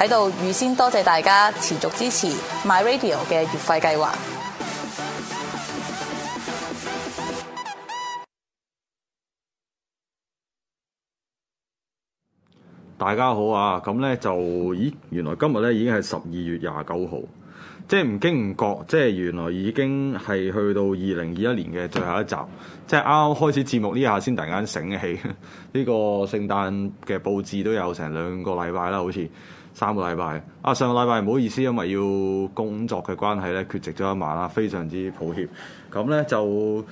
喺度預先多謝大家持續支持 My Radio 嘅月費計劃。大家好啊，咁呢就，咦，原來今日呢已經係十二月廿九號。即係唔經唔覺，即係原來已經係去到二零二一年嘅最後一集。即係啱啱開始節目呢下，先突然間醒起呢個聖誕嘅佈置都有成兩個禮拜啦，好似三個禮拜。啊，上個禮拜唔好意思，因為要工作嘅關係咧，缺席咗一晚啊，非常之抱歉。咁咧就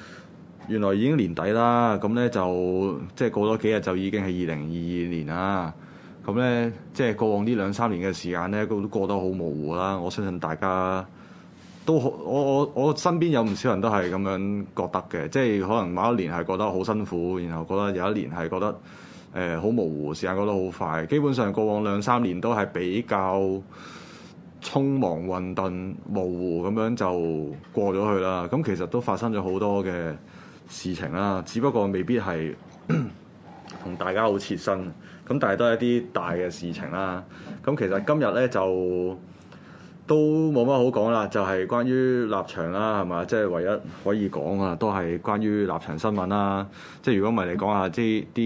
原來已經年底啦，咁咧就即係過咗幾日就已經係二零二二年啦。咁咧，即係過往呢兩三年嘅時間咧，都過得好模糊啦。我相信大家都好，我我我身邊有唔少人都係咁樣覺得嘅，即係可能某一年係覺得好辛苦，然後覺得有一年係覺得誒好、呃、模糊，時間過得好快。基本上過往兩三年都係比較匆忙、混沌、模糊咁樣就過咗去啦。咁其實都發生咗好多嘅事情啦，只不過未必係。 同大家好切身，咁但係都係一啲大嘅事情啦。咁其實今日咧就都冇乜好講啦，就係、是、關於立場啦，係嘛？即係唯一可以講啊，都係關於立場新聞啦。即係如果唔係你講下即啲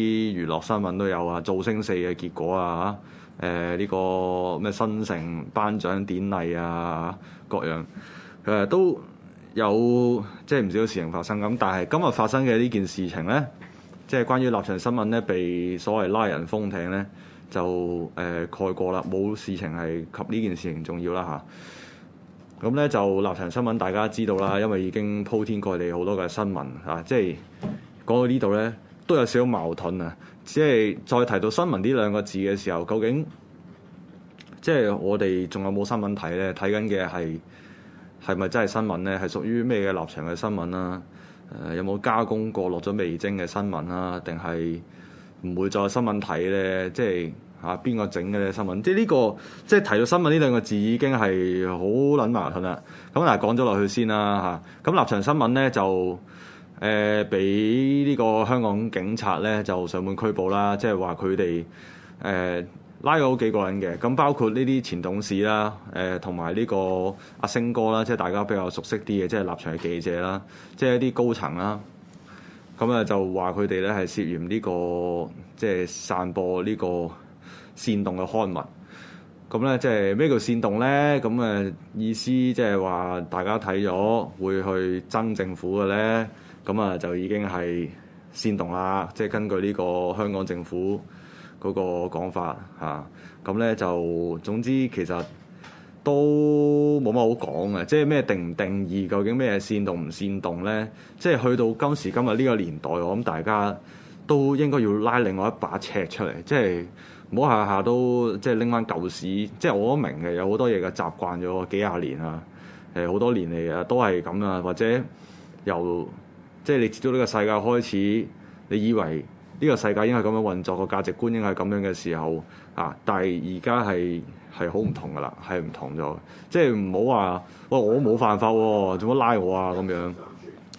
娛樂新聞都有啊，造星四嘅結果啊，誒、呃、呢、這個咩新城頒獎典禮啊，各樣誒都有，即係唔少事情發生。咁但係今日發生嘅呢件事情咧，即係關於立場新聞咧，被所謂拉人封艇咧，就誒、呃、蓋過啦，冇事情係及呢件事情重要啦嚇。咁、啊、咧就立場新聞大家知道啦，因為已經鋪天蓋地好多嘅新聞嚇、啊，即係講到呢度咧都有少少矛盾啊。即係再提到新聞呢兩個字嘅時候，究竟即係我哋仲有冇新聞睇咧？睇緊嘅係係咪真係新聞咧？係屬於咩嘅立場嘅新聞啦、啊？誒有冇加工過落咗味精嘅新聞,新聞啊？定係唔會再新聞睇咧？即係嚇邊個整嘅新聞？即係、這、呢個即係提到新聞呢兩個字已經係好撚麻煩啦。咁嗱講咗落去先啦嚇。咁、啊、立場新聞咧就誒、呃、被呢個香港警察咧就上門拘捕啦，即係話佢哋誒。呃拉咗好幾個人嘅，咁包括呢啲前董事啦，誒同埋呢個阿星哥啦，即係大家比較熟悉啲嘅，即係立場嘅記者啦，即係一啲高層啦。咁啊就話佢哋咧係涉嫌呢個即係散播呢個煽動嘅刊物。咁咧即係咩叫煽動咧？咁啊意思即係話大家睇咗會去憎政府嘅咧？咁啊就已經係煽動啦。即係根據呢個香港政府。嗰個講法嚇，咁、啊、咧就總之其實都冇乜好講嘅，即係咩定唔定義究竟咩煽動唔煽動咧？即係去到今時今日呢個年代，我諗大家都應該要拉另外一把尺出嚟，即係唔好下下都即係拎翻舊屎。即係我都明嘅，有好多嘢嘅習慣咗幾廿年啊，誒好多年嚟啊，都係咁啊，或者由即係你接觸呢個世界開始，你以為？呢個世界應該係咁樣運作，個價值觀應該係咁樣嘅時候啊！但係而家係係好唔同噶啦，係唔同咗。即係唔好話，喂，我冇犯法喎、啊，做乜拉我啊？咁樣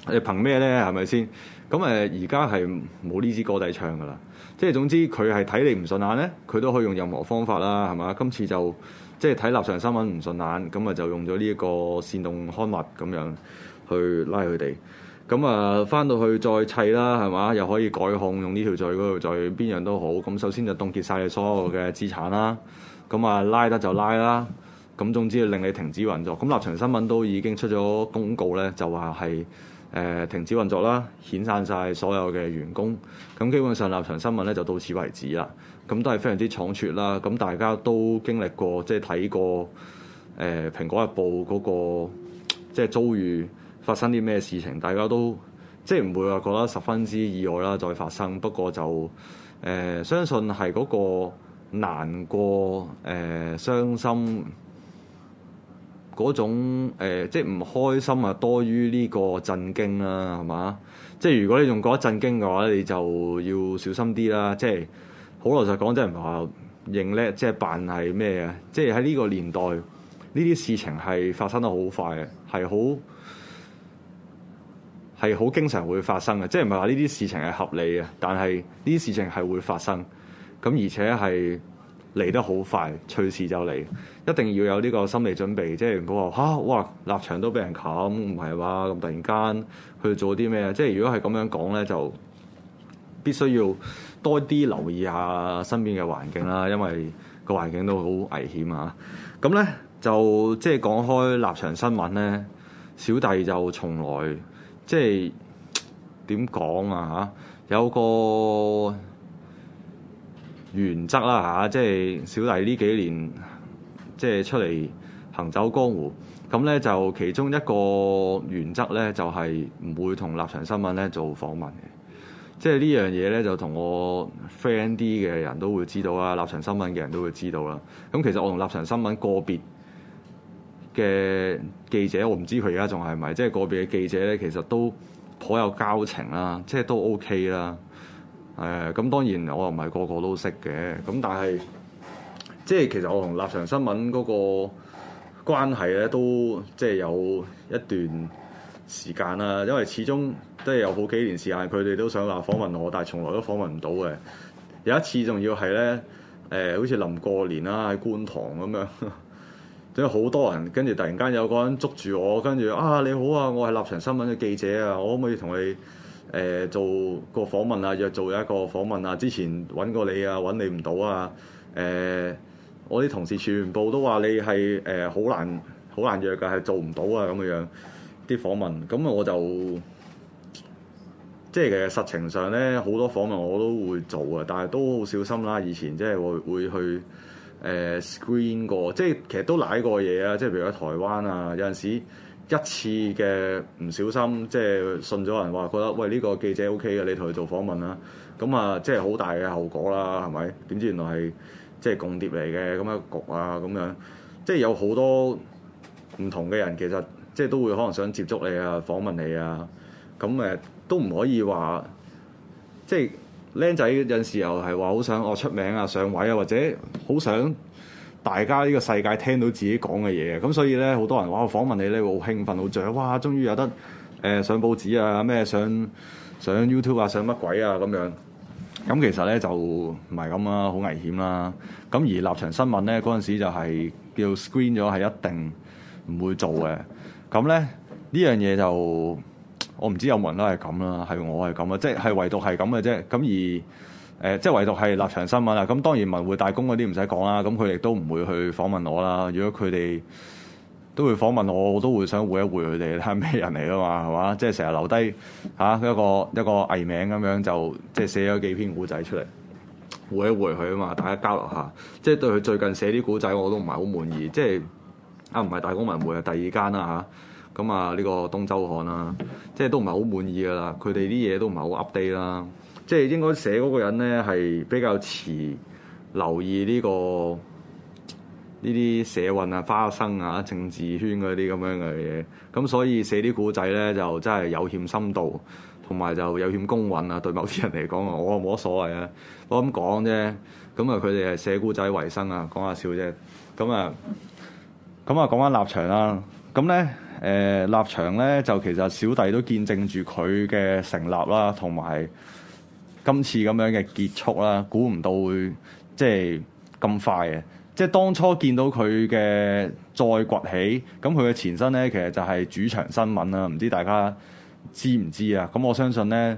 你憑咩咧？係咪先？咁誒而家係冇呢支歌仔唱噶啦。即係總之佢係睇你唔順眼咧，佢都可以用任何方法啦，係嘛？今次就即係睇立場新聞唔順眼，咁啊就用咗呢一個煽動刊物咁樣去拉佢哋。咁啊，翻到去再砌啦，係嘛？又可以改控，用呢條罪嗰條罪，邊樣都好。咁首先就凍結晒你所有嘅資產啦。咁啊，拉得就拉啦。咁總之令你停止運作。咁立場新聞都已經出咗公告咧，就話係誒停止運作啦，遣散晒所有嘅員工。咁基本上立場新聞咧就到此為止啦。咁都係非常之倉促啦。咁大家都經歷過，即係睇過誒、呃《蘋果日報》那個嗰個即係遭遇。發生啲咩事情，大家都即係唔會話覺得十分之意外啦。再發生不過就誒、呃，相信係嗰個難過誒、呃、傷心嗰種、呃、即係唔開心啊，多於呢個震驚啦，係嘛？即係如果你仲覺得震驚嘅話，你就要小心啲啦。即係好老實講，即係唔係話認叻，即係扮係咩嘅？即係喺呢個年代，呢啲事情係發生得好快嘅，係好。係好經常會發生嘅，即係唔係話呢啲事情係合理嘅，但係呢啲事情係會發生咁，而且係嚟得好快，隨時就嚟，一定要有呢個心理準備。即係唔好話嚇哇，立場都俾人冚，唔係話咁突然間去做啲咩啊。即係如果係咁樣講咧，就必須要多啲留意下身邊嘅環境啦，因為個環境都好危險啊。咁咧就即係講開立場新聞咧，小弟就從來。即係點講啊？吓，有個原則啦吓，即係小弟呢幾年即係出嚟行走江湖，咁咧就其中一個原則咧就係唔會同立場新聞咧做訪問嘅。即係呢樣嘢咧就同我 friend 啲嘅人都會知道啦，立場新聞嘅人都會知道啦。咁其實我同立場新聞個別嘅記者，我唔知佢而家仲係咪，即係個別嘅記者咧，其實都頗有交情啦，即係都 OK 啦。誒，咁當然我又唔係個個都識嘅，咁但係即係其實我同立場新聞嗰個關係咧，都即係有一段時間啦，因為始終即係有好幾年時間，佢哋都想話訪問我，但係從來都訪問唔到嘅。有一次仲要係咧，誒、呃，好似臨過年啦，喺觀塘咁樣。總之好多人，跟住突然間有個人捉住我，跟住啊你好啊，我係立場新聞嘅記者啊，我可唔可以同你誒、呃、做個訪問啊？約做一個訪問啊？之前揾過你啊，揾你唔到啊，誒、呃、我啲同事全部都話你係誒好難好難約㗎，係做唔到啊咁嘅樣啲訪問。咁我就即係其實情上呢，好多訪問我都會做啊，但係都好小心啦、啊。以前即係會會去。誒、呃、screen 過，即係其實都賴過嘢啊！即係譬如喺台灣啊，有陣時一次嘅唔小心，即係信咗人話，覺得喂呢、呢個記者 O K 嘅，你同佢做訪問啦，咁啊即係好大嘅後果啦，係咪？點知原來係即係共諜嚟嘅，咁一局啊，咁樣，即係有好多唔同嘅人，其實即係都會可能想接觸你啊，訪問你啊，咁誒都唔可以話即係。僆仔有陣時又係話好想我、哦、出名啊，上位啊，或者好想大家呢個世界聽到自己講嘅嘢，咁所以咧好多人話我訪問你咧好興奮，好著，哇終於有得誒、呃、上報紙啊，咩上上 YouTube 啊，上乜鬼啊咁樣，咁其實咧就唔係咁啦，好危險啦。咁而立場新聞咧嗰陣時就係、是、叫 screen 咗係一定唔會做嘅，咁咧呢樣嘢就。我唔知有冇人都係咁啦，係我係咁啊，即係係唯獨係咁嘅啫。咁而誒、呃，即係唯獨係立場新聞啦。咁當然文匯大公嗰啲唔使講啦，咁佢哋都唔會去訪問我啦。如果佢哋都會訪問我，我都會想回一回佢哋睇下咩人嚟啊嘛，係嘛？即係成日留低嚇一個、啊、一個一個藝名咁樣，就即係寫咗幾篇古仔出嚟，回一回佢啊嘛，大家交流下。即係對佢最近寫啲古仔，我都唔係好滿意。即係啊，唔係大公文匯啊，第二間啦嚇。啊咁啊！呢個東周刊啦，即係都唔係好滿意㗎啦。佢哋啲嘢都唔係好 update 啦。即係應該寫嗰個人咧，係比較遲留意呢個呢啲社運啊、花生啊、政治圈嗰啲咁樣嘅嘢。咁所以寫啲古仔咧，就真係有欠深度，同埋就有欠公允啊。對某啲人嚟講啊，我冇乜所謂啊。我咁講啫。咁啊，佢哋係寫古仔為生啊，講下笑啫。咁啊，咁啊，講翻立場啦。咁咧。誒、呃、立場咧，就其實小弟都見證住佢嘅成立啦，同埋今次咁樣嘅結束啦，估唔到會即係咁快嘅。即係當初見到佢嘅再崛起，咁佢嘅前身咧，其實就係主場新聞啦，唔知大家知唔知啊？咁我相信咧。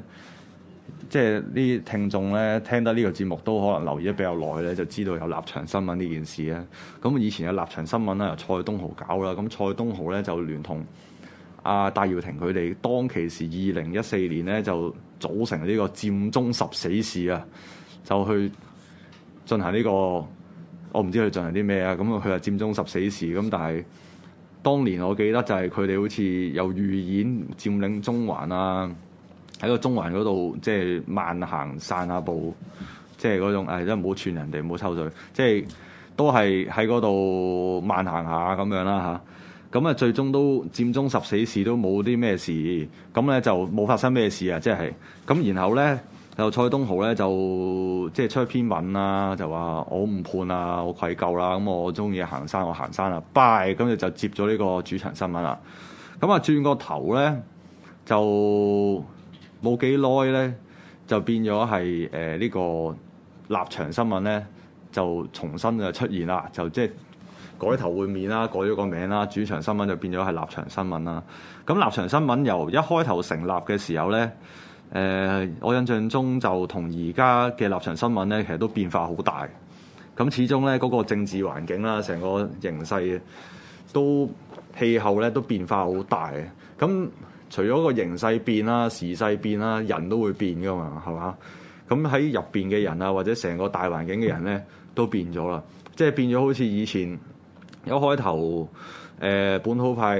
即係呢啲聽眾咧，聽得呢個節目都可能留意得比較耐咧，就知道有立場新聞呢件事咧。咁以前有立場新聞咧，由蔡東豪搞啦。咁蔡東豪咧就聯同阿戴耀廷佢哋，當其時二零一四年咧就組成呢個佔中十死士啊，就去進行呢個我唔知佢進行啲咩啊。咁佢話佔中十死士咁，但係當年我記得就係佢哋好似有預演佔領中環啊。喺個中環嗰度，即係慢行散下步，即係嗰種誒都唔好串人哋，唔好抽水，即係都係喺嗰度慢行下咁樣啦吓，咁啊，最終都佔中十四事都冇啲咩事，咁咧就冇發生咩事啊，即係咁。然後咧，又蔡東豪咧就即係出一篇文啦，就話我唔判啊，我愧疚啦，咁我中意行山，我行山啦，拜咁就就接咗呢個主場新聞啦。咁啊，轉個頭咧就。冇幾耐咧，就變咗係誒呢個立場新聞咧，就重新就出現啦，就即係改頭換面啦，改咗個名啦，主場新聞就變咗係立場新聞啦。咁立場新聞由一開頭成立嘅時候咧，誒、呃、我印象中就同而家嘅立場新聞咧，其實都變化好大。咁始終咧，嗰個政治環境啦，成個形勢都氣候咧都變化好大咁。除咗個形勢變啦、時勢變啦，人都會變噶嘛，係嘛？咁喺入邊嘅人啊，或者成個大環境嘅人咧，都變咗啦，即係變咗好似以前一開頭誒、呃，本土派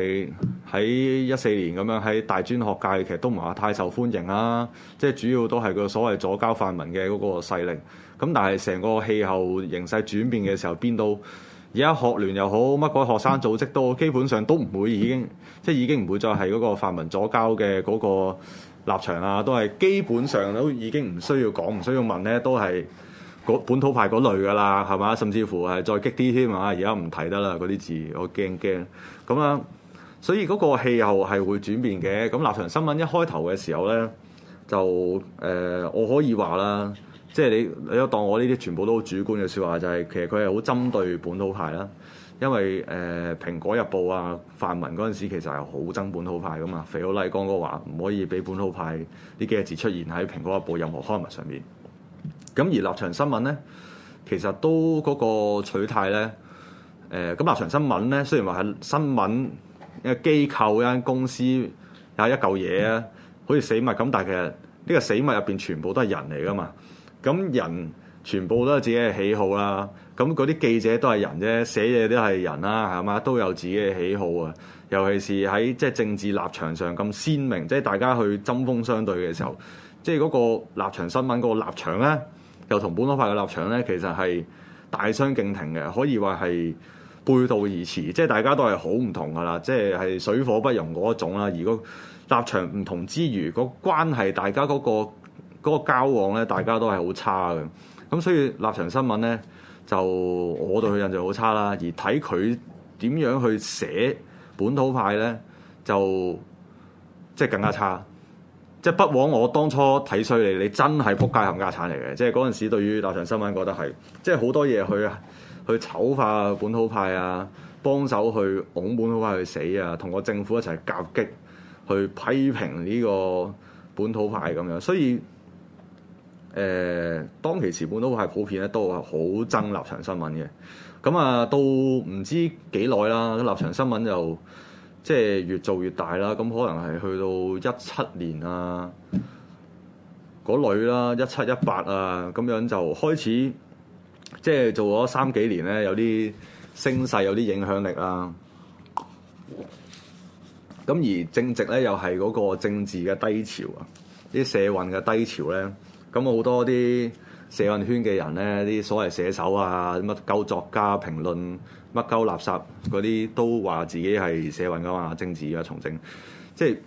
喺一四年咁樣喺大專學界其實都唔係話太受歡迎啦，即係主要都係個所謂左膠泛民嘅嗰個勢力。咁但係成個氣候形勢轉變嘅時候，邊都～而家學聯又好，乜鬼學生組織都基本上都唔會已經，即係已經唔會再係嗰個泛民左膠嘅嗰個立場啊，都係基本上都已經唔需要講，唔需要問咧，都係本土派嗰類噶啦，係嘛？甚至乎係再激啲添啊！而家唔睇得啦，嗰啲字我驚驚咁樣。所以嗰個氣候係會轉變嘅。咁立場新聞一開頭嘅時候咧，就誒、呃、我可以話啦。即係你，你又當我呢啲全部都好主觀嘅説話，就係、是、其實佢係好針對本土派啦。因為誒、呃《蘋果日報》啊，《泛民》嗰陣時其實係好憎本土派噶嘛。 肥佬黎嗰個話唔可以俾本土派呢幾個字出現喺《蘋果日報》任何刊物上面。咁而立場新聞咧，其實都嗰個取態咧，誒、呃、咁立場新聞咧，雖然話係新聞嘅機構有一間公司有一嚿嘢啊，好似死物咁，但係其實呢個死物入邊全部都係人嚟噶嘛。咁人全部都有自己嘅喜好啦。咁嗰啲記者都係人啫，寫嘢都係人啦，係嘛？都有自己嘅喜好啊。尤其是喺即係政治立場上咁鮮明，即係大家去針鋒相對嘅時候，即係嗰個立場新聞嗰個立場咧，又同本土派嘅立場咧，其實係大相徑庭嘅，可以話係背道而馳。即係大家都係好唔同噶啦，即係係水火不容嗰一種啦。而個立場唔同之餘，個關係大家嗰個。嗰個交往咧，大家都係好差嘅，咁所以立場新聞咧，就我對佢印象好差啦。而睇佢點樣去寫本土派咧，就即係、就係、更加差。即、就、係、係、不枉我當初睇衰你，你真係撲街冚家鏟嚟嘅。即係嗰陣時，對於立場新聞覺得係即係好多嘢去去醜化本土派啊，幫手去殲本土派去死啊，同個政府一齊夾擊去批評呢個本土派咁樣，所以。誒、呃、當其時本都係普遍咧，都係好憎立場新聞嘅。咁啊，到唔知幾耐啦，立場新聞就即係越做越大啦。咁可能係去到一七年啊，嗰類啦，一七一八啊，咁樣就開始即係做咗三幾年咧，有啲聲勢，有啲影響力啦。咁而正值咧，又係嗰個政治嘅低潮啊，啲社運嘅低潮咧。咁好多啲社運圈嘅人咧，啲所謂寫手啊，乜鳩作家、評論，乜鳩垃圾嗰啲，都話自己係社運噶嘛，政治啊、從政，即係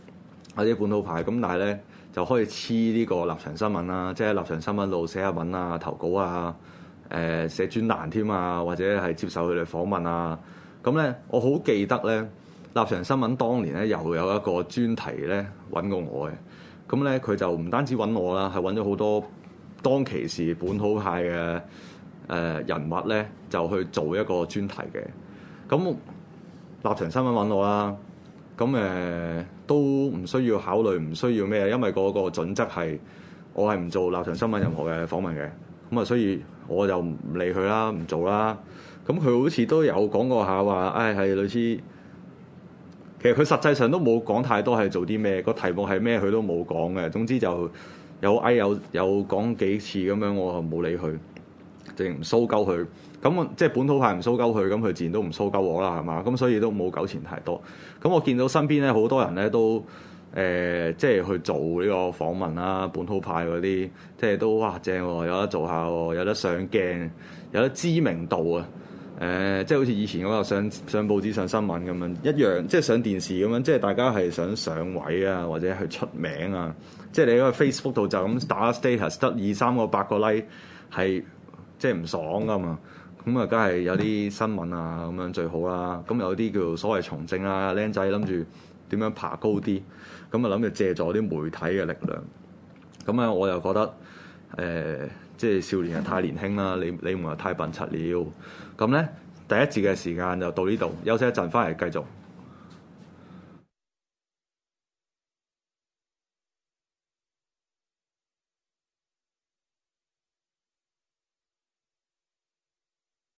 或者本土派。咁但係咧，就開始黐呢個立場新聞啦、啊，即係立場新聞度寫下文啊、投稿啊、誒、呃、寫專欄添啊，或者係接受佢哋訪問啊。咁咧，我好記得咧，立場新聞當年咧又有一個專題咧，揾過我嘅。咁咧，佢就唔單止揾我啦，係揾咗好多當其時本土派嘅誒人物咧，就去做一個專題嘅。咁立場新聞揾我啦，咁誒、呃、都唔需要考慮，唔需要咩，因為嗰個準則係我係唔做立場新聞任何嘅訪問嘅。咁啊，所以我就唔理佢啦，唔做啦。咁佢好似都有講過下話，誒係類似。其實佢實際上都冇講太多係做啲咩，個題目係咩佢都冇講嘅。總之就有嗌有有講幾次咁樣，我冇理佢，淨唔蘇鳩佢。咁即係本土派唔蘇鳩佢，咁佢自然都唔蘇鳩我啦，係嘛？咁所以都冇糾纏太多。咁我見到身邊咧好多人咧都誒、呃，即係去做呢個訪問啦，本土派嗰啲，即係都哇正、哦，有得做下、哦，有得上鏡，有得知名度啊！誒、呃，即係好似以前嗰個，上上報紙、上新聞咁樣一樣，即係上電視咁樣，即係大家係想上位啊，或者去出名啊，即係你喺 Facebook 度就咁打 status 得二三個八個 like 係即係唔爽噶嘛，咁啊，梗係有啲新聞啊咁樣最好啦、啊。咁有啲叫所謂從政啊，僆仔諗住點樣爬高啲，咁啊諗住借助啲媒體嘅力量，咁啊，我又覺得誒。呃即係少年又太年輕啦，你你們又太笨柒了。咁咧，第一節嘅時間就到呢度，休息一陣，翻嚟繼續。